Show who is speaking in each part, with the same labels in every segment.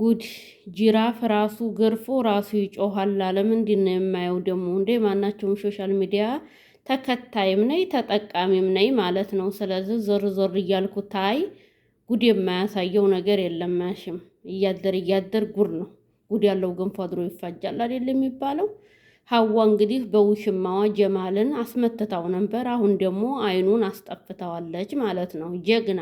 Speaker 1: ጉድ ጅራፍ ራሱ ገርፎ ራሱ ይጮኋል። ለምንድን ነው የማየው? ደግሞ እንደ ማናቸውም ሶሻል ሚዲያ ተከታይም ነይ ተጠቃሚም ነይ ማለት ነው። ስለዚህ ዞር ዞር እያልኩ ታይ ጉድ የማያሳየው ነገር የለም። ማሽም እያደር እያደር ጉድ ነው ጉድ ያለው ገንፎ አድሮ ይፋጃል አይደል የሚባለው። ሀዋ እንግዲህ በውሽማዋ ጀማልን አስመትታው ነበር። አሁን ደግሞ አይኑን አስጠፍተዋለች ማለት ነው። ጀግና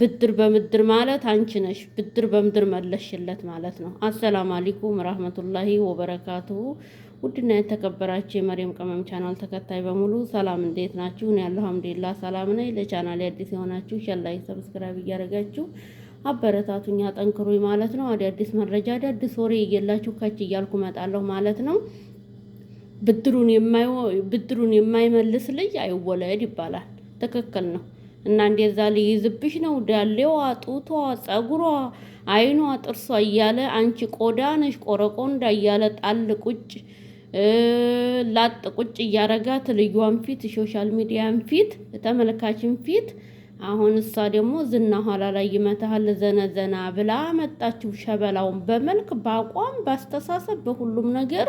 Speaker 1: ብድር በምድር ማለት አንቺ ነሽ፣ ብድር በምድር መለሽለት ማለት ነው። አሰላሙ አለይኩም ረህመቱላሂ ወበረካቱሁ። ውድና የተከበራችሁ የመሪም ቅመም ቻናል ተከታይ በሙሉ ሰላም፣ እንዴት ናችሁ? እኔ ያለሁ አልሐምዱሊላህ ሰላም ነኝ። ለቻናል አዲስ የሆናችሁ ሸላይ ሰብስክራይብ እያደረጋችሁ አበረታቱኛ አጠንክሩኝ ማለት ነው። አዳዲስ መረጃ አዳዲስ ወሬ እየላችሁ ከች እያልኩ መጣለሁ ማለት ነው። ብድሩን የማይመልስ ልጅ አይወለድ ይባላል። ትክክል ነው። እና እንደዛ ሊይዝብሽ ነው ዳሌዋ፣ ጡቷ፣ ፀጉሯ፣ አይኗ፣ ጥርሷ እያለ አንቺ ቆዳ ነሽ ቆረቆንዳ እያለ ጣል ቁጭ ላጥ ቁጭ እያረጋት ልዩዋን ፊት ሶሻል ሚዲያን ፊት ተመልካችን ፊት አሁን እሷ ደግሞ ዝና ኋላ ላይ ይመታሃል ዘነዘና ብላ መጣችው። ሸበላውን በመልክ በአቋም በአስተሳሰብ በሁሉም ነገር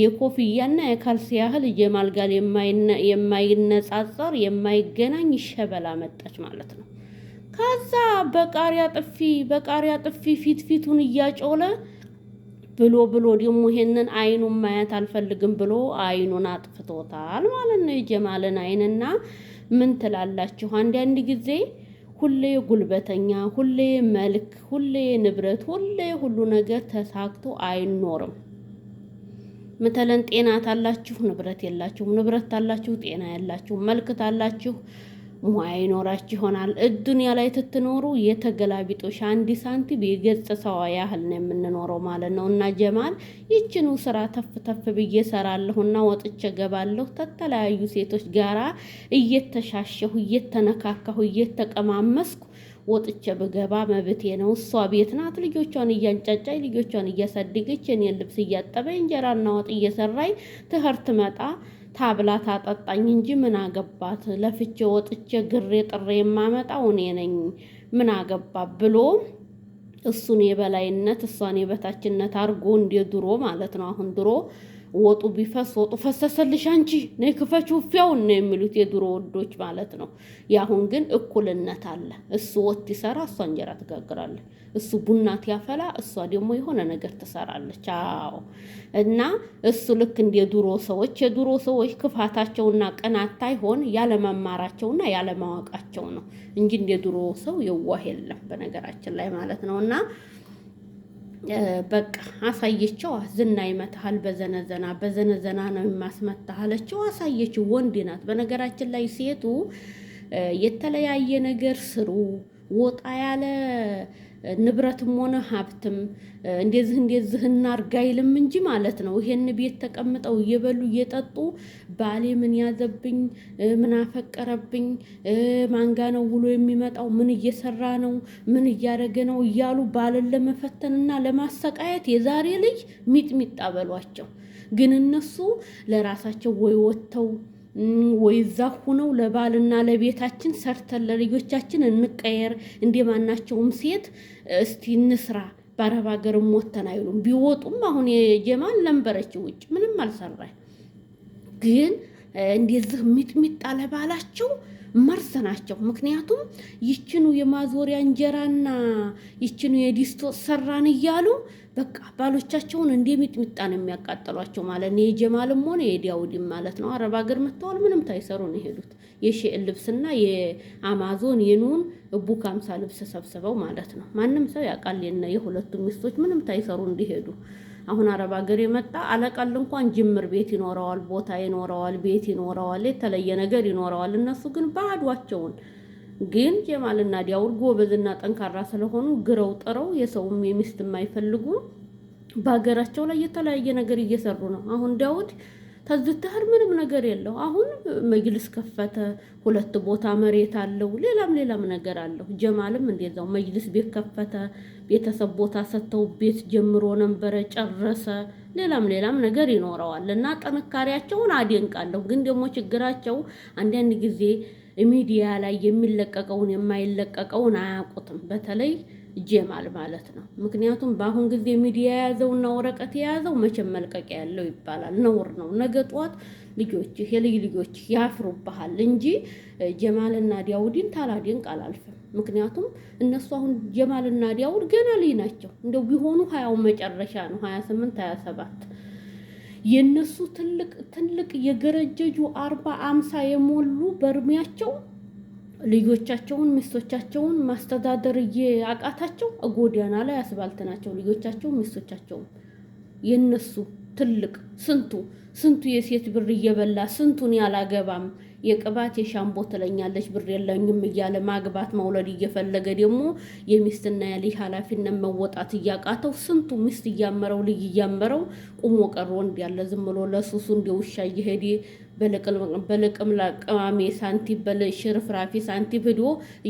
Speaker 1: የኮፍያና የካልሲ ያህል ጀማል የማይነጻጸር የማይገናኝ ሸበላ መጣች ማለት ነው። ከዛ በቃሪያ ጥፊ በቃሪያ ጥፊ ፊት ፊቱን እያጮለ ብሎ ብሎ ደግሞ ይሄንን አይኑን ማየት አልፈልግም ብሎ አይኑን አጥፍቶታል ማለት ነው። የጀማልን አይንና ምን ትላላችሁ? አንዳንድ ጊዜ ሁሌ ጉልበተኛ፣ ሁሌ መልክ፣ ሁሌ ንብረት፣ ሁሌ ሁሉ ነገር ተሳክቶ አይኖርም። ምተለን ጤና ታላችሁ ንብረት የላችሁ፣ ንብረት ታላችሁ ጤና ያላችሁ፣ መልክ ታላችሁ ሙያ ይኖራችሁ ይሆናል። እዱንያ ላይ ትትኖሩ የተገላቢጦሽ አንድ ሳንቲም የገጽ ሰዋ ያህል ነው የምንኖረው ማለት ነው። እና ጀማል ይችኑ ስራ ተፍ ተፍ ብዬ እና ወጥቼ ገባለሁ ከተለያዩ ሴቶች ጋራ እየተሻሸሁ እየተነካካሁ እየተቀማመስኩ ወጥቼ ብገባ መብቴ ነው። እሷ ቤት ናት። ልጆቿን እያንጫጫኝ ልጆቿን እያሳደገች እኔን ልብስ እያጠበኝ እንጀራና ወጥ እየሰራኝ ትህር ትመጣ ታብላ ታጠጣኝ እንጂ ምን አገባት? ለፍቼ ወጥቼ ግሬ ጥሬ የማመጣው እኔ ነኝ። ምን አገባ ብሎ እሱን የበላይነት እሷን የበታችነት አድርጎ እንደ ድሮ ማለት ነው። አሁን ድሮ ወጡ ቢፈስ ወጡ ፈሰሰልሽ አንቺ ነይ ክፈች ውፊያውን ነው የሚሉት የድሮ ወዶች ማለት ነው። የአሁን ግን እኩልነት አለ። እሱ ወጥ ይሰራ፣ እሷ እንጀራ ትጋግራለች። እሱ ቡና ያፈላ፣ እሷ ደግሞ የሆነ ነገር ትሰራለች። አዎ እና እሱ ልክ እንደ የድሮ ሰዎች የድሮ ሰዎች ክፋታቸውና ቅናት አይሆን ያለመማራቸውና ያለማወቃቸው ነው እንጂ እንደ ድሮ ሰው የዋህ የለም በነገራችን ላይ ማለት ነው እና በቃ አሳየችው። ዝና ይመታሃል በዘነዘና በዘነዘና ነው የማስመታህ አለችው። አሳየችው። ወንድ ናት። በነገራችን ላይ ሴቱ የተለያየ ነገር ስሩ ወጣ ያለ ንብረትም ሆነ ሀብትም እንደዚህ እንደዚህ እናርግ አይልም እንጂ ማለት ነው። ይሄን ቤት ተቀምጠው እየበሉ እየጠጡ ባሌ ምን ያዘብኝ፣ ምን አፈቀረብኝ፣ ማንጋ ነው ውሎ የሚመጣው፣ ምን እየሰራ ነው፣ ምን እያደረገ ነው እያሉ ባልን ለመፈተንና ለማሰቃየት የዛሬ ልጅ ሚጥሚጣ በሏቸው። ግን እነሱ ለራሳቸው ወይ ወጥተው ወይ እዛ ሁነው ለባልና ለቤታችን ሰርተን ለልጆቻችን እንቀየር። እንደ ማናቸውም ሴት እስቲ እንስራ። በአረብ ሀገር ወተን አይሉም። ቢወጡም አሁን የጀማን ለንበረች ውጭ ምንም አልሰራኝ ግን እንደዚህ ሚጥሚጣ ለባላቸው መርዝ ናቸው። ምክንያቱም ይችኑ የማዞሪያ እንጀራና ይችኑ የዲስቶ ሰራን እያሉ በቃ ባሎቻቸውን እንደ ሚጥሚጣ ነው የሚያቃጠሏቸው ማለት ነው። የጀማልም ሆነ የዲያውዲም ማለት ነው። አረብ ሀገር መጥተዋል፣ ምንም ታይሰሩ ነው የሄዱት። የሼል ልብስና የአማዞን የኑን እቡክ አምሳ ልብስ ሰብስበው ማለት ነው። ማንም ሰው ያውቃል የሁለቱ ሚስቶች ምንም ታይሰሩ እንዲሄዱ አሁን አረብ ሀገር የመጣ አለቃል እንኳን ጅምር ቤት ይኖረዋል፣ ቦታ ይኖረዋል፣ ቤት ይኖረዋል፣ የተለየ ነገር ይኖረዋል። እነሱ ግን ባዷቸውን ግን ጀማልና ዲያውር ጎበዝና ጠንካራ ስለሆኑ ግረው ጥረው የሰውም የሚስት የማይፈልጉ በሀገራቸው ላይ የተለያየ ነገር እየሰሩ ነው። አሁን ዳውድ ተዝትህር ምንም ነገር የለው። አሁን መጅልስ ከፈተ፣ ሁለት ቦታ መሬት አለው፣ ሌላም ሌላም ነገር አለው። ጀማልም እንደዛው መጅልስ ቤት ከፈተ፣ ቤተሰብ ቦታ ሰጥተው ቤት ጀምሮ ነበረ፣ ጨረሰ። ሌላም ሌላም ነገር ይኖረዋል እና ጥንካሬያቸውን አደንቃለሁ። ግን ደግሞ ችግራቸው አንዳንድ ጊዜ ሚዲያ ላይ የሚለቀቀውን የማይለቀቀውን አያውቁትም በተለይ ጀማል ማለት ነው። ምክንያቱም በአሁን ጊዜ ሚዲያ የያዘውና ወረቀት የያዘው መቼም መልቀቂያ ያለው ይባላል፣ ነውር ነው። ነገ ጠዋት ልጆች የልጅ ልጆች ያፍሩብሃል እንጂ ጀማልና ዲያውድን ታላዴንቅ አላልፍም። ምክንያቱም እነሱ አሁን ጀማልና ዲያውድ ገና ልጅ ናቸው። እንደው ቢሆኑ ሀያው መጨረሻ ነው፣ ሀያ ስምንት ሀያ ሰባት የእነሱ ትልቅ ትልቅ የገረጀጁ አርባ አምሳ የሞሉ በእድሜያቸው ልጆቻቸውን ሚስቶቻቸውን ማስተዳደር አቃታቸው። ጎዳና ላይ አስባልት ናቸው ልጆቻቸውን ሚስቶቻቸውን። የነሱ ትልቅ ስንቱ ስንቱ የሴት ብር እየበላ ስንቱን ያላገባም የቅባት የሻምቦ ትለኛለች ብር የለኝም እያለ ማግባት መውለድ እየፈለገ ደግሞ የሚስትና የልጅ ኃላፊነት መወጣት እያቃተው ስንቱ ሚስት እያመረው ልጅ እያመረው ቁሞ ቀር ወንድ ያለ ዝም ብሎ ለሱሱ እንደ ውሻ እየሄደ በልቅም ለቅማሜ ሳንቲም በሽርፍራፊ ሳንቲም ሂዶ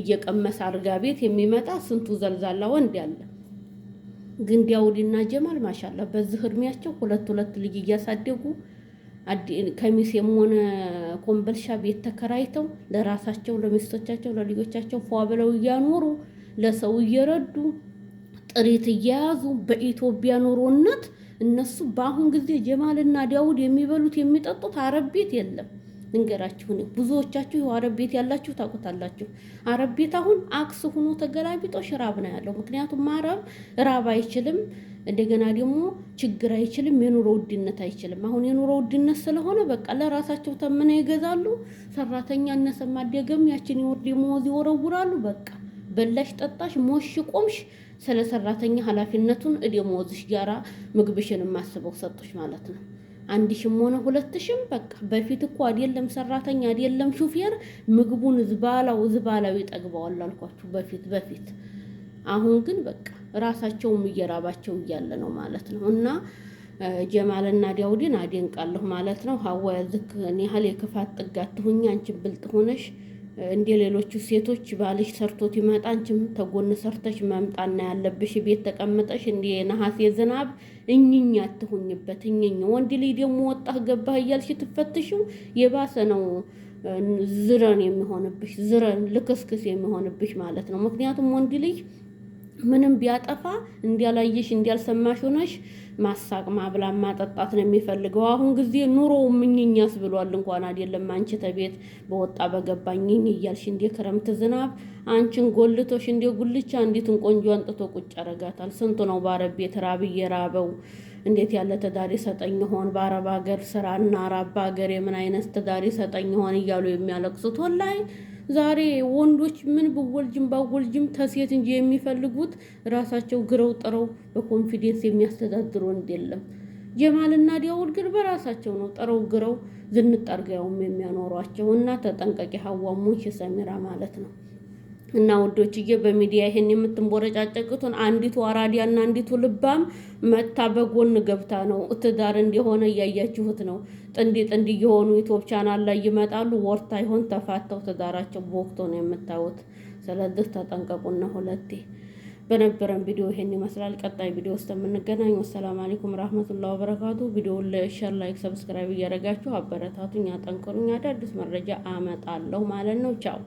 Speaker 1: እየቀመሰ አርጋ ቤት የሚመጣ ስንቱ ዘልዛላ ወንድ ያለ ግን ዳውድና ጀማል ማሻላ በዚህ እድሜያቸው ሁለት ሁለት ልጅ እያሳደጉ ከሚሴም ሆነ ኮምበልሻ ቤት ተከራይተው ለራሳቸው ለሚስቶቻቸው፣ ለልጆቻቸው ፏ ብለው እያኖሩ ለሰው እየረዱ ጥሪት እየያዙ በኢትዮጵያ ኑሮነት እነሱ በአሁን ጊዜ ጀማልና ዳውድ የሚበሉት የሚጠጡት አረብ ቤት የለም። ልንገራችሁ ብዙዎቻችሁ ብዙዎቻችሁ አረብ ቤት ያላችሁ ታውቁታላችሁ። አረብ ቤት አሁን አክስ ሆኖ ተገላቢጦሽ ራብ ነው ያለው። ምክንያቱም አረብ ራብ አይችልም። እንደገና ደግሞ ችግር አይችልም፣ የኑሮ ውድነት አይችልም። አሁን የኑሮ ውድነት ስለሆነ በቃ ለራሳቸው ተምነው ይገዛሉ። ሰራተኛ እነሰማ አደገም ያችን የወር ደመወዝ ይወረውራሉ። በቃ በላሽ፣ ጠጣሽ፣ ሞሽ፣ ቆምሽ ስለ ሰራተኛ ኃላፊነቱን እደመወዝሽ ጋራ ምግብሽን የማስበው ሰጡሽ ማለት ነው። አንድ ሽም ሆነ ሁለት ሽም በቃ በፊት እኮ አይደለም ሰራተኛ አይደለም ሹፌር ምግቡን ዝባላው ዝባላው ይጠግበዋል አልኳችሁ በፊት በፊት። አሁን ግን በቃ ራሳቸውም እየራባቸው እያለ ነው ማለት ነው እና ጀማልና ዳውድን አደንቃለሁ ማለት ነው። ሀዋ ዝክን ያህል የክፋት ጥግ አትሁኝ። አንቺ ብልጥ ሆነሽ እንደ ሌሎቹ ሴቶች ባልሽ ሰርቶት ይመጣ፣ አንቺም ተጎን ሰርተሽ መምጣና ያለብሽ ቤት ተቀምጠሽ እንደ ነሐሴ ዝናብ እኝኝ አትሁኝበት። እኝኝ ወንድ ልጅ ደግሞ ወጣህ ገባህ እያልሽ ትፈትሽው የባሰ ነው ዝረን የሚሆንብሽ፣ ዝረን ልክስክስ የሚሆንብሽ ማለት ነው። ምክንያቱም ወንድ ልጅ ምንም ቢያጠፋ እንዲያላየሽ እንዲያልሰማሽ ሆነሽ ማሳቅ ማብላት ማጠጣት ነው የሚፈልገው። አሁን ጊዜ ኑሮ ምኝኛስ ብሏል። እንኳን አይደለም አንቺ ተቤት በወጣ በገባኝ እያልሽ እንደ ክረምት ዝናብ አንቺን ጎልቶሽ እንደ ጉልቻ እንዲትን ቆንጆ አንጥቶ ቁጭ ያረጋታል። ስንቱ ነው ባረቤት ራብ እየራበው እንዴት ያለ ትዳር ይሰጠኝ ይሆን? በአረብ ሀገር ስራ እና አረብ ሀገር የምን አይነት ትዳር ይሰጠኝ ይሆን እያሉ የሚያለቅሱት ወላሂ ዛሬ ወንዶች ምን ብወልጅም ባወልጅም ተሴት እንጂ የሚፈልጉት ራሳቸው ግረው ጥረው በኮንፊደንስ የሚያስተዳድሩ ወንድ የለም። ጀማልና ዲያውል ግን በራሳቸው ነው ጥረው ግረው ዝንጣርገውም የሚያኖሯቸው እና ተጠንቀቂ ሀዋሙን ሰሚራ ማለት ነው። እና ውዶችዬ በሚዲያ ይሄን የምትንቦረጫጨቅቱን አንዲቱ አራዲያ እና አንዲቱ ልባም መታ በጎን ገብታ ነው ትዳር እንደሆነ እያያችሁት ነው። ጥንድ ጥንድ እየሆኑ ዩቲዩብ ቻናል ላይ ይመጣሉ። ወርታ ይሆን ተፋተው ትዳራቸው በወቅቱ ነው የምታዩት። ስለዚህ ተጠንቀቁና ሁለቴ በነበረን ቪዲዮ ይሄን ይመስላል። ቀጣይ ቪዲዮ ውስጥ የምንገናኝ። ወሰላም አለይኩም ረህመቱላሂ ወበረካቱ። ቪዲዮውን ሼር፣ ላይክ፣ ሰብስክራይብ እያደረጋችሁ አበረታቱኝ፣ አጠንክሩኝ። አዳዲስ መረጃ አመጣለሁ ማለት ነው። ቻው